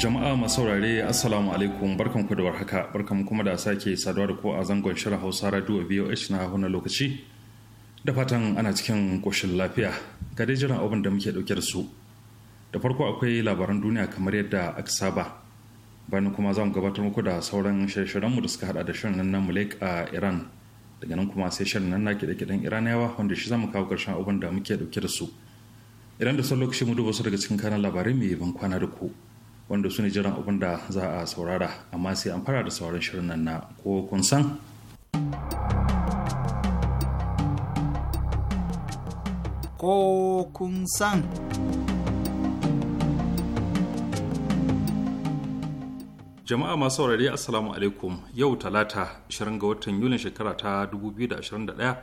jama'a masu saurare assalamu alaikum barkan ku da warhaka barkan kuma da sake saduwa da ku a zangon shirin hausa radio voh na hana lokaci da fatan ana cikin koshin lafiya ga dai jiran abin da muke dauke da su da farko akwai labaran duniya kamar yadda aka saba bayan kuma za gabatar muku da sauran shirye-shiryen mu da suka hada da shirin nan na mulek a iran daga nan kuma sai shirin nan na kiɗe-kiɗen iraniyawa wanda shi zamu kawo karshen abin da muke dauke da su idan da son lokaci mu duba su daga cikin kanan labarai mai ban kwana da ku wanda su ne jiran abin da za a saurara amma sai an fara da sauran shirin nan na ko kun san ko kun san jama'a masu saurari assalamu alaikum yau talata 20 ga watan yulin shekara ta 2021 wanda ya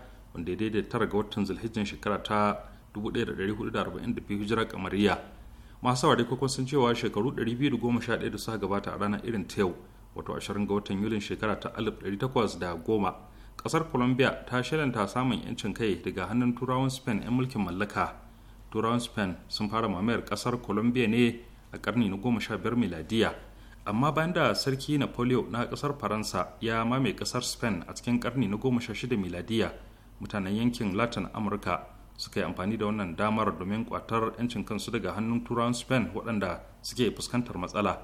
daidai 9 ga watan zulhijjin shekara ta 1442 hijira kamariya masu saurari ko sun cewa shekaru 211 da suka gabata a ranar irin ta yau wato 20 ga watan yulin shekara ta 1810 kasar colombia ta shirinta samun yancin kai daga hannun turawan spain 'yan mulkin mallaka turawan spain sun fara mamayar kasar colombia ne a karni na 15 miladiya amma bayan da sarki napoleon na kasar faransa ya mame kasar spain a cikin karni na 16 miladiya mutanen yankin latin amurka suka yi amfani da wannan damar domin kwatar 'yancin kansu daga hannun turawan spain waɗanda suke fuskantar matsala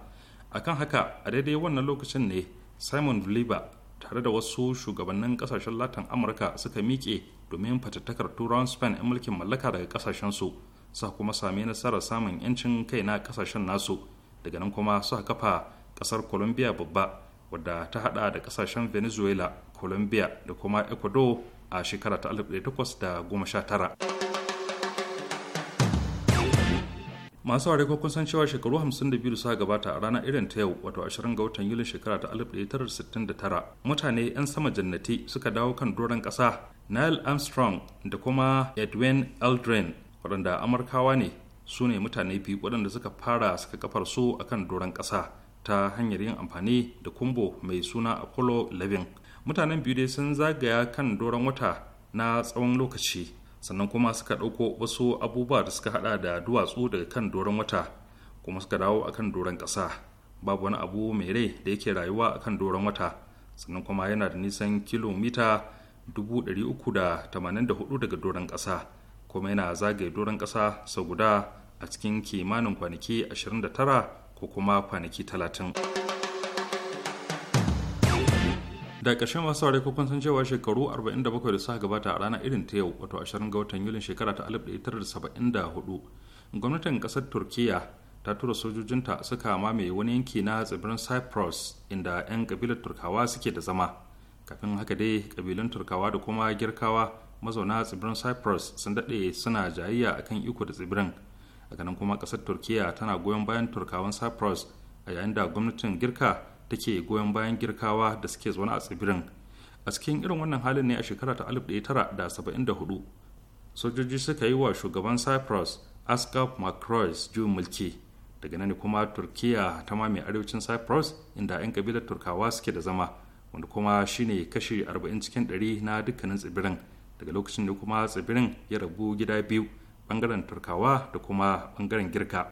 akan haka a daidai wannan lokacin ne simon bolivar tare da wasu shugabannin kasashen latin amurka suka miƙe domin fatattakar turawan spain 'yan mulkin mallaka daga kasashensu su kuma sami nasarar samun 'yancin kai na kasashen nasu daga nan kuma su kafa kasar colombia babba wadda ta hada da kasashen venezuela colombia da kuma ecuador a shekara ta 1819 masu ware kun san cewa shekaru 52 su suka gabata a ranar irin ta yau wato 20 ga watan yulin shekara ta 1969 mutane 'yan sama jannati suka dawo kan doron ƙasa Neil Armstrong da kuma Edwin Aldrin waɗanda Amurkawa ne su ne mutane biyu waɗanda suka fara suka kafar su akan doron ƙasa ta hanyar yin amfani da kumbo mai suna Apollo 11 mutanen biyu dai sun zagaya kan doron wata na tsawon lokaci sannan kuma suka ɗauko wasu abubuwa da suka hada da duwatsu daga kan doron wata kuma suka dawo akan doron ƙasa babu wani abu mai rai da yake rayuwa akan doron wata sannan kuma yana da nisan kilomita 384 daga doron ƙasa kuma yana zagaye doron ƙasa sau guda a cikin kimanin kwanaki 29 ko kuma kwanaki 30. da ƙarshen masu saurari kun san cewa shekaru 47 da suka gabata a ranar irin ta yau wato 20 ga watan yulin shekara ta 1974 gwamnatin ƙasar turkiya ta tura sojojinta suka mamaye wani yanki na tsibirin cyprus inda 'yan kabilar turkawa suke da zama kafin haka dai kabilun turkawa da kuma girkawa mazauna tsibirin cyprus sun daɗe suna jayayya akan iko da tsibirin a ganin kuma kasar turkiya tana goyon bayan turkawan cyprus a yayin da gwamnatin girka ke goyon bayan girkawa da suke zaune a tsibirin a cikin irin wannan halin ne a shekara ta 1974 sojoji suka yi wa shugaban cyprus askar macroys juyin mulki daga nan kuma turkiya ta mamaye arewacin cyprus inda 'yan kabilar turkawa suke da zama wanda kuma shine kashi 40 cikin 100 na dukkanin tsibirin daga lokacin da kuma tsibirin ya rabu gida biyu bangaren turkawa da kuma bangaren girka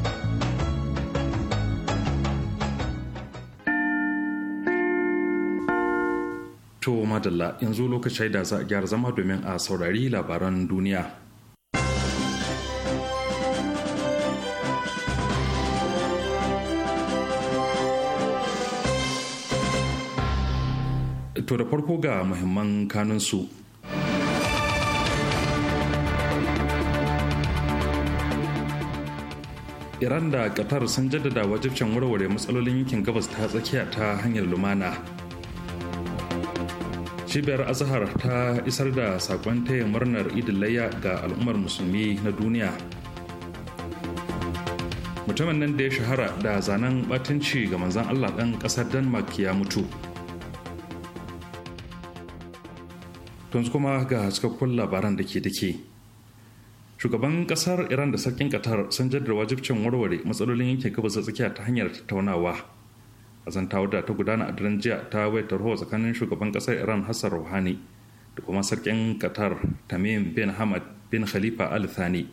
To madalla yanzu lokacin da za a gyara zama domin a saurari labaran duniya. To da farko ga muhimman kanunsu. Iran da Qatar sun jaddada wajibcin warware matsalolin yankin gabas ta tsakiya ta hanyar lumana. cibiyar azahar ta isar da sakon taya murnar layya ga al'ummar musulmi na duniya mutumin nan da ya shahara da zanen batunci ga manzan allah ɗan ƙasar denmark ya mutu tun kuma ga cikakkun labaran da ke dake shugaban ƙasar iran da sarkin qatar sun jaddada wajibcin warware matsalolin yankin gabas da tsakiya ta hanyar tattaunawa azantawar da ta gudana a daren jiya ta ta ruwa tsakanin shugaban kasar iran hassan rouhani da kuma sarkin qatar tamim bin hamad bin khalifa al thani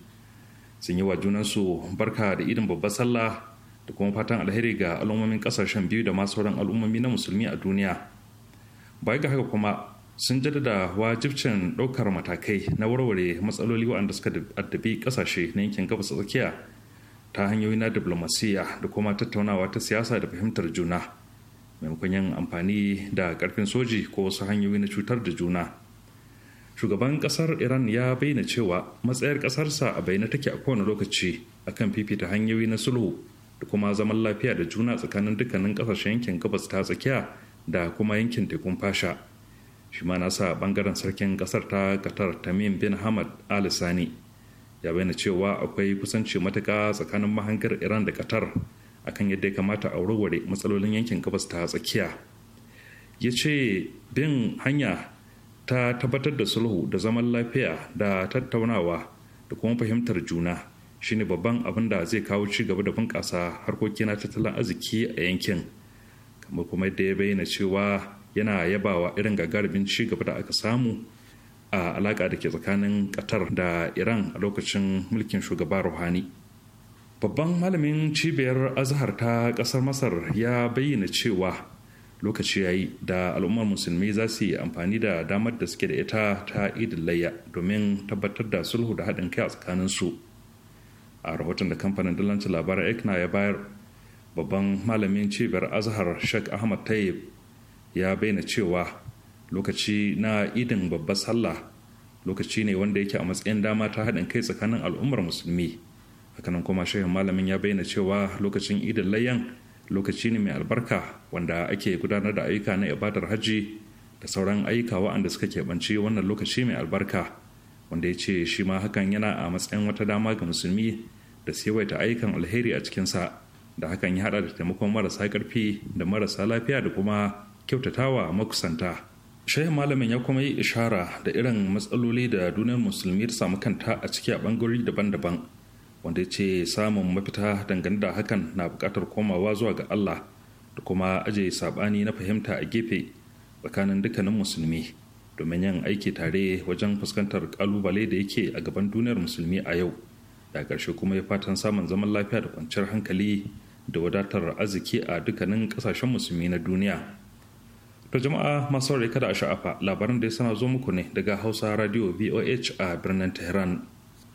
sun yi wa junansu barka da irin babbar sallah da kuma fatan alheri ga al'ummomin kasashen biyu da ma sauran al'ummomi na musulmi a duniya ba ga haka kuma sun jaddada wajibcin ɗaukar matakai na warware matsaloli waɗanda suka addabi ƙasashe na yankin gabas tsakiya ta hanyoyi na diplomasiya da kuma tattaunawa ta siyasa da fahimtar juna maimakon yin amfani da karfin soji ko wasu hanyoyi na cutar da juna shugaban kasar iran ya bayyana cewa matsayar kasarsa a bayyana take a kowane lokaci akan fifita hanyoyi na sulhu da kuma zaman lafiya da juna tsakanin dukkanin kasashen yankin gabas ta tsakiya da kuma yankin tekun fasha shi ma na sa bangaren sarkin kasar ta qatar tamim bin hamad al sani ya bayyana cewa akwai kusanci matuka tsakanin mahangar iran da qatar akan yadda ya kamata a warware matsalolin yankin gabas ta tsakiya ya ce bin hanya ta tabbatar da sulhu da zaman lafiya da tattaunawa da kuma fahimtar juna shine babban abin da zai kawo ci gaba da bunƙasa harkoki na tattalin arziki a yankin kamar kuma yadda ya bayyana cewa yana yabawa irin gagarumin ci gaba da aka samu a alaƙa da ke tsakanin qatar da iran a lokacin mulkin shugaba ruhani babban malamin cibiyar azhar ta ƙasar masar ya bayyana cewa lokaci ya yi da al'ummar musulmi za su yi amfani da damar da suke da ita ta idin layya domin tabbatar da sulhu da haɗin kai a tsakanin su a rahoton da kamfanin dalancin labaran ekna ya bayar babban malamin cibiyar azhar sheikh ahmad tayyib ya bayyana cewa lokaci na idin babbar sallah lokaci ne wanda yake a matsayin dama ta haɗin kai tsakanin al'ummar musulmi hakanan kuma shehin malamin ya bayyana cewa lokacin idin layyan lokaci ne mai albarka wanda ake gudanar da ayyuka na ibadar hajji da sauran ayyuka waɗanda suka keɓanci wannan lokaci mai albarka wanda ya ce shi ma hakan yana a matsayin wata dama ga musulmi da sewaita ayyukan alheri a cikinsa da hakan ya haɗa da taimakon marasa ƙarfi da marasa lafiya da kuma kyautatawa makusanta shehu malamin ya kuma yi ishara da irin matsaloli da duniyar musulmi ta samu kanta a ciki a bangarori daban-daban wanda ya ce samun mafita dangane da hakan na bukatar komawa zuwa ga allah da kuma aje saɓani na fahimta a gefe tsakanin dukkanin musulmi domin yin aiki tare wajen fuskantar kalubale da yake a gaban duniyar musulmi a yau da karshe kuma ya fatan samun zaman lafiya da kwanciyar hankali da wadatar arziki a dukkanin ƙasashen musulmi na duniya To jama'a masu rai kada a sha'afa labarin da ya sana zo muku ne daga Hausa Radio VOH a birnin Tehran.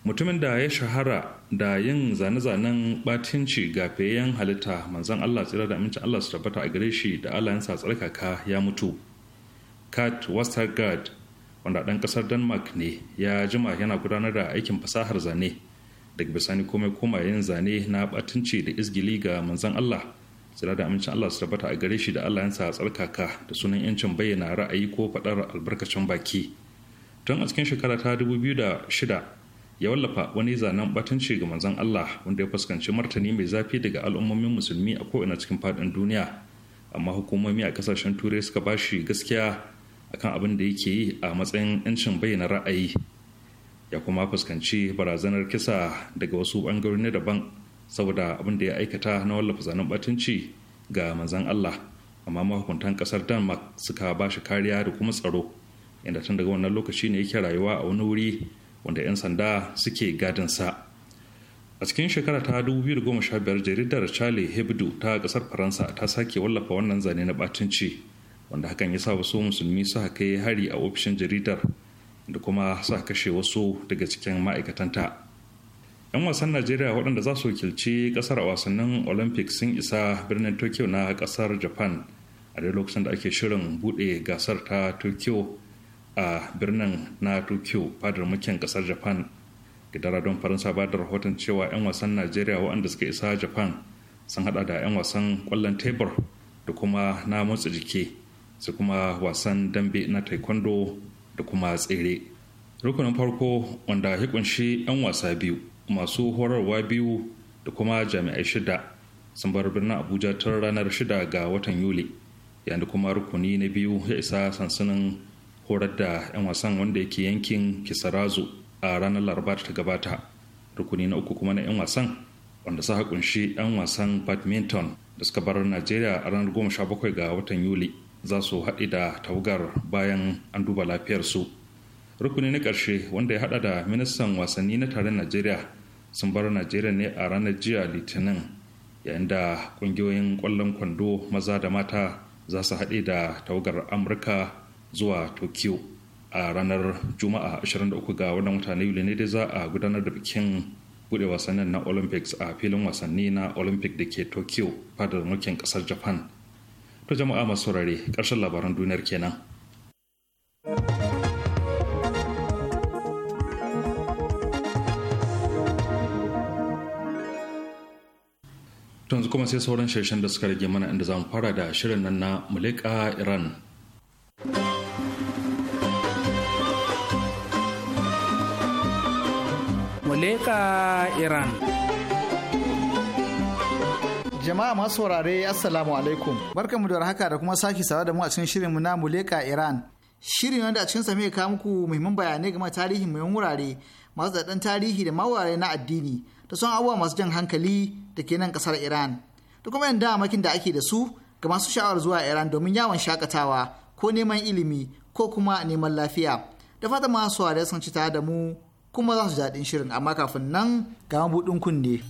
Mutumin da ya shahara da yin zane-zanen batinci ga fayyan halitta manzan Allah tsira da amincin Allah su tabbata a gare shi da Allah yansa tsarkaka ya mutu. Kat Westergaard wanda ɗan ƙasar Denmark ne ya jima yana gudanar da aikin fasahar zane daga bisani komai koma yin zane na batinci da izgili ga manzan Allah tsira da amincin Allah su tabbata a gare shi da Allah yansa tsarkaka da sunan yancin bayyana ra'ayi ko faɗar albarkacin baki tun a cikin shekara ta biyu da shida ya wallafa wani zanen batanci ga manzon Allah wanda ya fuskanci martani mai zafi daga al'ummomin musulmi a ko'ina cikin faɗin duniya amma hukumomi a kasashen turai suka bashi gaskiya akan abin da yake yi a matsayin yancin bayyana ra'ayi ya kuma fuskanci barazanar kisa daga wasu bangarori daban saboda abin da ya aikata na wallafa zanen batunci ga manzan Allah amma mahukuntan kasar Denmark suka ba shi kariya da kuma tsaro inda tun daga wannan lokaci ne yake rayuwa a wani wuri wanda 'yan sanda suke gadin sa a cikin shekara ta 2015 jaridar Charlie Hebdo ta kasar Faransa ta sake wallafa wannan zane na batunci wanda hakan ya sa wasu musulmi suka kai hari a ofishin jaridar da kuma sa kashe wasu daga cikin ma'aikatanta 'yan wasan najeriya waɗanda za su wakilci ƙasar a wasannin olympics sun isa birnin tokyo na ƙasar japan a dai lokacin da ake shirin buɗe gasar ta tokyo a birnin na tokyo fadar mukin ƙasar japan gidara don faransa ba da rahoton cewa 'yan wasan najeriya waɗanda suka isa japan sun hada da 'yan wasan ƙwallon tebur da kuma na motsa jiki su kuma wasan dambe na taekwondo da kuma tsere rukunin farko wanda ya kunshi 'yan wasa biyu masu horarwa biyu da kuma jami'ai shida sun bar birnin abuja tun ranar shida ga watan yuli yayin kuma rukuni na biyu ya isa sansanin horar da 'yan wasan wanda yake yankin kisarazu a ranar laraba ta gabata rukuni na uku kuma na 'yan wasan wanda suka kunshi 'yan wasan badminton da suka bar najeriya a ranar bakwai ga watan yuli za su haɗe da tawagar bayan an duba lafiyarsu rukuni na ƙarshe wanda ya hada da ministan wasanni na taron najeriya sun bar najeriya ne a ranar jiya litinin yayin da ƙungiyoyin ƙwallon kwando maza da mata za su haɗe da tawagar amurka zuwa tokyo a ranar juma'a 23 ga wannan mutane yuli ne dai za a gudanar da bikin bude wasannin na olympics a filin wasanni na olympic da ke tokyo fadar mulkin ƙasar japan to jama'a masu rare ƙarshen labaran duniyar kenan. yanzu kuma sai sauran shirshen da suka rage mana inda zamu fara da shirin nan na muleka iran muleka iran jama'a masu saurare assalamu alaikum barkanmu da haka da kuma sake sawa da mu a cikin shirin mu na muleka iran shirin wanda a cikin mai kawo muku muhimman bayanai game tarihin muhimman wurare masu daɗin tarihi da mawarai na addini da son abubuwa masu jan hankali da ke nan kasar Iran da kuma yin damakin da ake da su ga masu sha'awar zuwa Iran domin yawon shakatawa ko neman ilimi ko kuma neman lafiya da fata masu da ci tare da mu kuma za su daɗin shirin amma kafin nan ga mabuɗin kunne.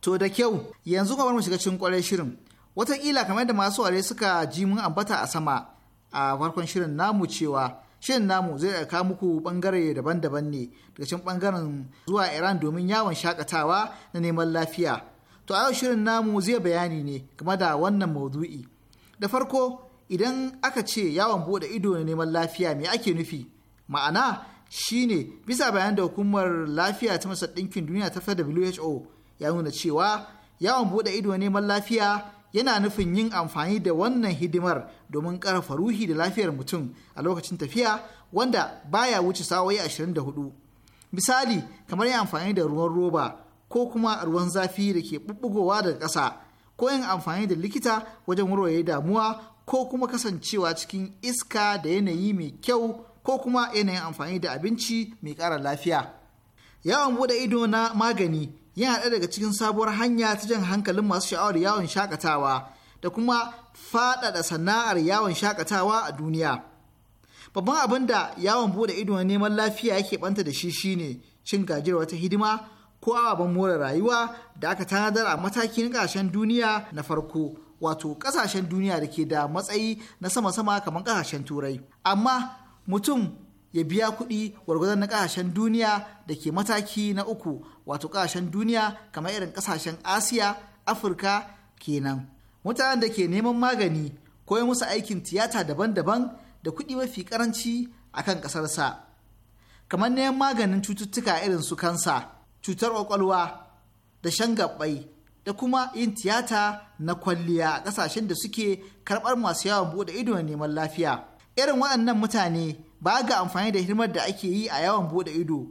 To da kyau yanzu kamar mu shiga cikin kwarai shirin Wataƙila kamar da masu ware suka ji mun ambata a sama a farkon shirin namu cewa shirin namu zai ɗauka muku ɓangare daban-daban ne daga cikin ɓangaren zuwa Iran domin yawon shakatawa na neman lafiya. To a yau shirin namu zai bayani ne game da wannan maudu'i. Da farko idan aka ce yawon buɗe ido na neman lafiya me ake nufi? Ma'ana shine bisa bayan da hukumar lafiya ta masar ɗinkin duniya ta WHO ya nuna cewa yawon buɗe ido na neman lafiya yana nufin yin amfani da wannan hidimar domin ƙarfa ruhi da lafiyar mutum a lokacin tafiya wanda baya wuce sa'o'i 24 misali kamar yin amfani da ruwan roba ko kuma ruwan zafi da ke bubbugowa daga ƙasa ko yin amfani da likita wajen warware damuwa ko kuma kasancewa cikin iska da yanayi mai kyau ko kuma yanayin amfani da abinci mai ƙara lafiya. yawon buɗe ido na magani yana ɗaya daga cikin sabuwar hanya ta jan hankalin masu sha'awar yawon shakatawa da kuma faɗaɗa sana'ar yawon shakatawa a duniya. Babban abin da yawon bude ido neman lafiya yake ɓanta da shi shine cin gajiyar wata hidima ko ababen more rayuwa da aka tanadar a mataki na ƙasashen duniya na farko wato ƙasashen duniya da ke da matsayi na sama-sama kamar ƙasashen turai. Amma mutum ya biya kuɗi gwargwadon na ƙasashen duniya da ke mataki na uku wato kasashen duniya kamar irin kasashen asiya afirka kenan mutanen da ke neman magani ko yi musu aikin tiyata daban-daban da kuɗi mafi karanci a kan ƙasarsa kamar neman maganin cututtuka irin su kansa cutar ƙwaƙwalwa da shan gaɓɓai da kuma yin tiyata na kwalliya a ƙasashen da suke karɓar masu yawon buɗe ido neman lafiya irin waɗannan mutane ba ga amfani da hirmar da ake yi a yawon buɗe ido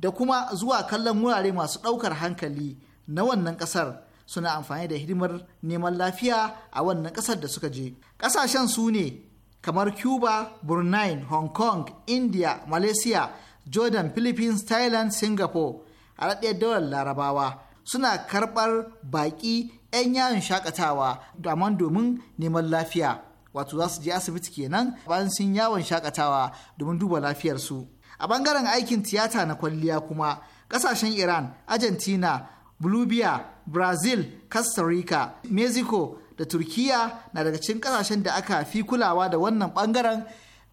da kuma zuwa kallon wurare masu ɗaukar hankali na wannan ƙasar suna amfani da hidimar neman lafiya a wannan ƙasar da suka je. Ƙasashen su ne kamar Cuba, Brunei, Hong Kong, India, Malaysia, Jordan, Philippines, Thailand, Singapore a raɗiyar daular Larabawa suna karɓar baƙi 'yan yawon shakatawa daman domin neman lafiya. Wato za su je asibiti kenan bayan sun yawon shakatawa domin duba lafiyarsu. a bangaren aikin tiyata na kwalliya kuma kasashen iran argentina bolivia brazil costa rica mexico da turkiya na daga cikin kasashen da aka fi kulawa da wannan bangaren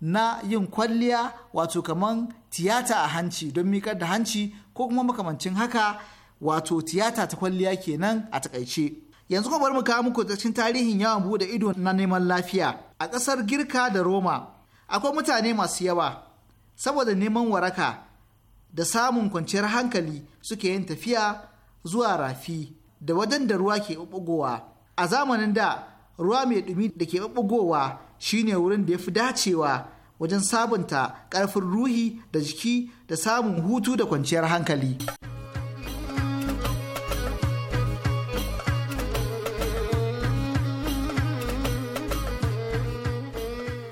na yin kwalliya wato kaman tiyata a hanci don miƙar da hanci ko kuma makamancin haka wato tiyata ta kwalliya kenan a takaice yanzu kuma bari mu kawo muku cikin tarihin yawon bude ido na neman lafiya a ƙasar girka da roma akwai mutane masu yawa saboda neman waraka da samun kwanciyar hankali suke yin tafiya zuwa rafi da wajen da ruwa ke ɓuɓɓugowa a zamanin da ruwa mai ɗumi da ke ɓuɓɓugowa shine wurin da ya fi dacewa wajen sabunta ƙarfin ruhi da jiki da samun hutu da kwanciyar hankali.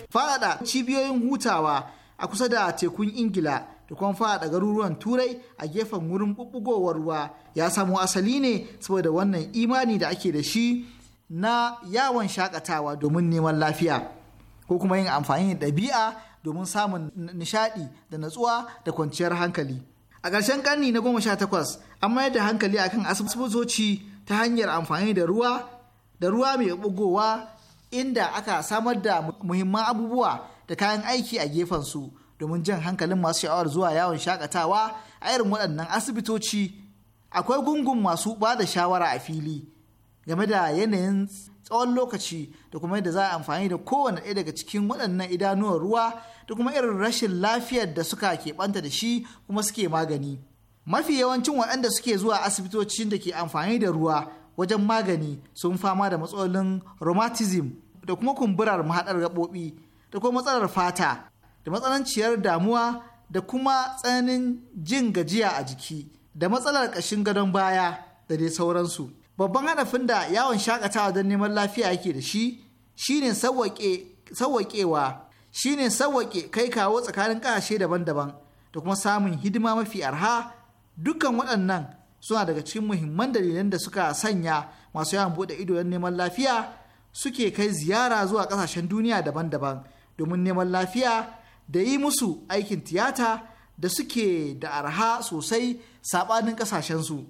Faɗaɗa cibiyoyin hutawa a kusa da tekun ingila da kuma da garuruwan turai a gefen wurin bubugowar ruwa ya samo asali ne saboda wannan imani da ake da shi na yawon shakatawa domin neman lafiya ko kuma yin amfani da ɗabi'a domin samun nishaɗi da natsuwa da kwanciyar hankali a ƙarshen ƙarni na goma sha takwas an mayar da hankali akan asibitoci ta hanyar amfani da ruwa da ruwa mai bugowa inda aka samar da muhimman abubuwa da kayan aiki a gefen su. domin jan hankalin masu sha'awar zuwa yawon shakatawa a irin waɗannan asibitoci akwai gungun masu ba da shawara a fili game da yanayin tsawon lokaci da kuma yadda za a amfani da kowane ɗaya daga cikin waɗannan idanuwar ruwa da kuma irin rashin lafiyar da suka ke keɓanta da shi kuma suke magani mafi yawancin waɗanda suke zuwa asibitocin da ke amfani da ruwa wajen magani sun fama da matsalolin rheumatism da kuma kumburar mahaɗar gaɓoɓi da kuma matsalar fata da matsananciyar damuwa da kuma tsananin jin gajiya a jiki da matsalar ƙashin gadon baya da dai sauransu babban hadafin da yawon shakatawa don neman lafiya yake da shi shine Shi shine sawwaƙe kai kawo tsakanin ƙasashe daban-daban da kuma samun hidima mafi arha dukkan waɗannan suna daga cikin muhimman dalilan da suka sanya masu yawon buɗe ido don neman lafiya suke kai ziyara zuwa ƙasashen duniya daban-daban domin neman lafiya da yi musu aikin tiyata da suke da arha sosai saɓanin ƙasashensu.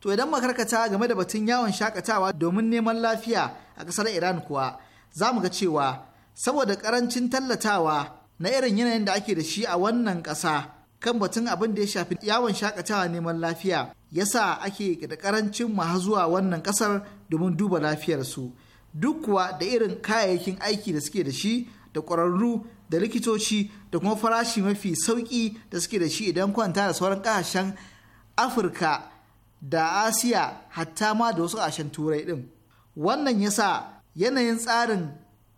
To idan makarkata game da batun yawon shakatawa domin neman lafiya a ƙasar Iran kuwa za mu ga cewa saboda ƙarancin tallatawa na irin yanayin da ake da shi a wannan ƙasa kan batun abin da ya shafi yawon shakatawa neman lafiya yasa ake da ƙarancin mahazuwa zuwa wannan ƙasar domin duba lafiyarsu duk kuwa da irin kayayyakin aiki da suke da shi da ƙwararru da likitoci da kuma farashi mafi sauƙi da suke da shi idan kwanta da sauran ƙasashen afirka da asiya hatta ma da wasu ƙasashen turai ɗin wannan yasa yanayin tsarin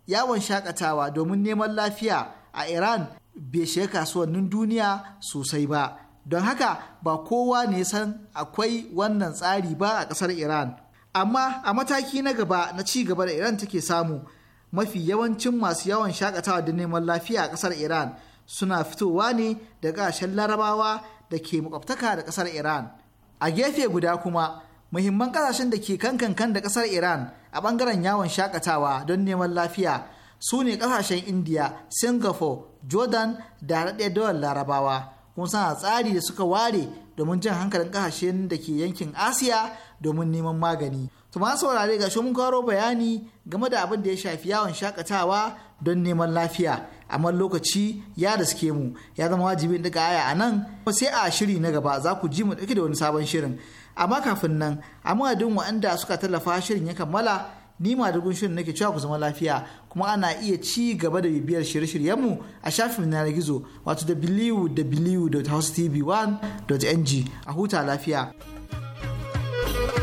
yawon shakatawa domin neman lafiya a iran bai shiga kasuwannin duniya sosai ba don haka ba kowa ne san akwai wannan tsari ba a ƙasar iran amma a mataki na gaba na ci gaba da iran take samu mafi yawancin masu yawon shakatawa da neman lafiya a kasar iran suna fitowa ne da kashen larabawa da ke makwabtaka da kasar iran a gefe guda kuma muhimman kasashen da ke kankan da kasar iran a bangaren yawon shakatawa don neman lafiya su ne kasashen india singapore jordan da haɗaɗɗiyar dawar larabawa kun sana tsari da suka ware domin jan hankalin kasashen da ke yankin asiya domin neman magani To ma saurare ga mun karo bayani game da abin da ya shafi yawon shakatawa don neman lafiya, amma lokaci ya suke mu ya zama wajibin daga aya a nan sai a shiri na gaba za ku ji mu ɗauki da wani sabon shirin. Amma kafin nan, a madadin waɗanda suka tallafa shirin ya kammala ni ma dugun shirin nake cewa ku zama lafiya kuma ana iya ci gaba da bibiyar shirye-shiryenmu a shafin na gizo wato www.housetv1.ng a huta lafiya. thank you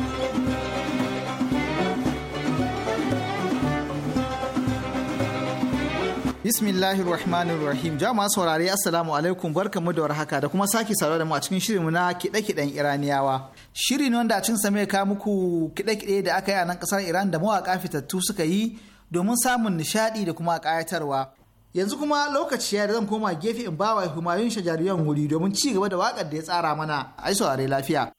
Bismillahir Rahmanir Rahim. Jama'a saurari Assalamu alaikum barkamu da warhaka da kuma sake saurari da mu a cikin shirinmu na kiɗe-kiɗen Iraniyawa. Shiri ne wanda a cikin same ka muku kiɗe-kiɗe da aka yi a nan kasar Iran da mawaka fitattu suka yi domin samun nishadi da kuma kayatarwa. Yanzu kuma lokaci ya da zan koma gefe in bawa Humayun Shajariyan wuri domin ci gaba da wakar da ya tsara mana. Ai saurare lafiya.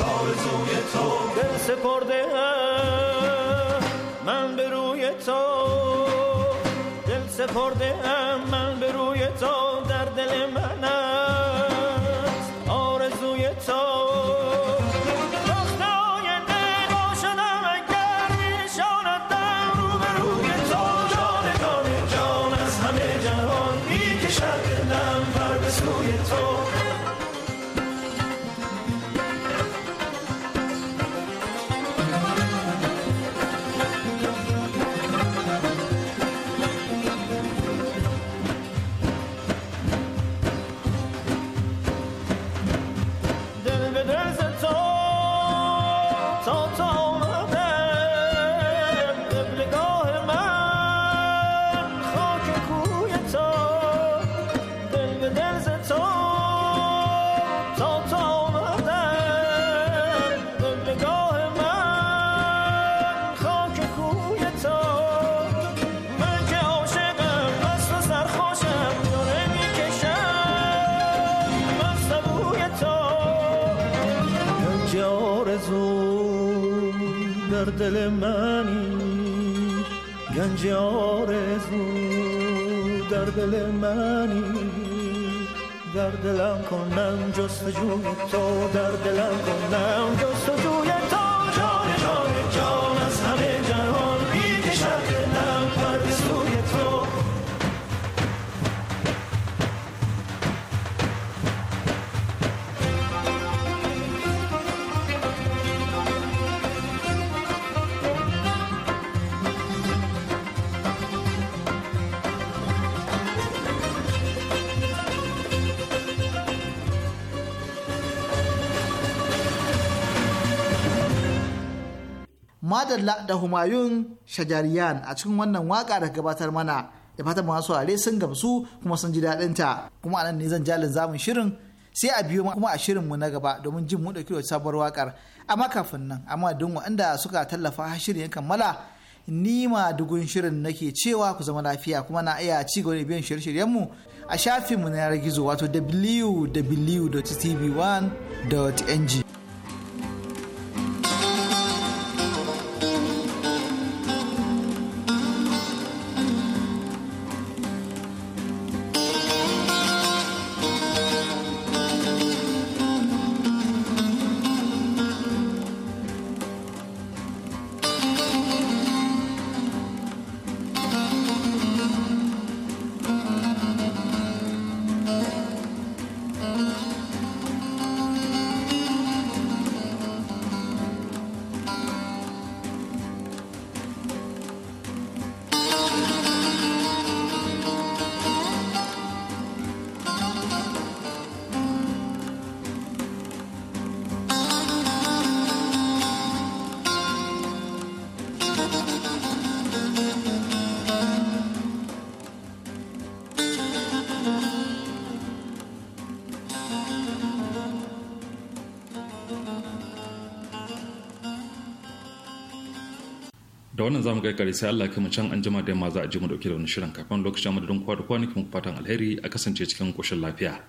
آرزوی تو دل سپرده من به روی تو دل سپرده من دل منی در دلم کنم جوی تو در دلم کنم جوی تو جان جان جان madalla da humayun shajariyan a cikin wannan waka da gabatar mana da fatan masu saurare sun gamsu kuma sun ji daɗin ta kuma anan ne zan jalin zamun shirin sai a biyo kuma a shirin mu na gaba domin jin mu dauki sabuwar wakar amma kafin nan amma don waɗanda suka tallafa shirin ya kammala ni ma dugun shirin nake cewa ku zama lafiya kuma na iya ci gaba da biyan shirye-shiryen mu a mu na yanar gizo wato www.tv1.ng wannan zamu kai kare sai Allah kuma can an jima da yamma za a ji mu dauke da wani shirin kafin lokacin madadin kwa da fatan alheri a kasance cikin koshin lafiya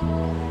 Thank you.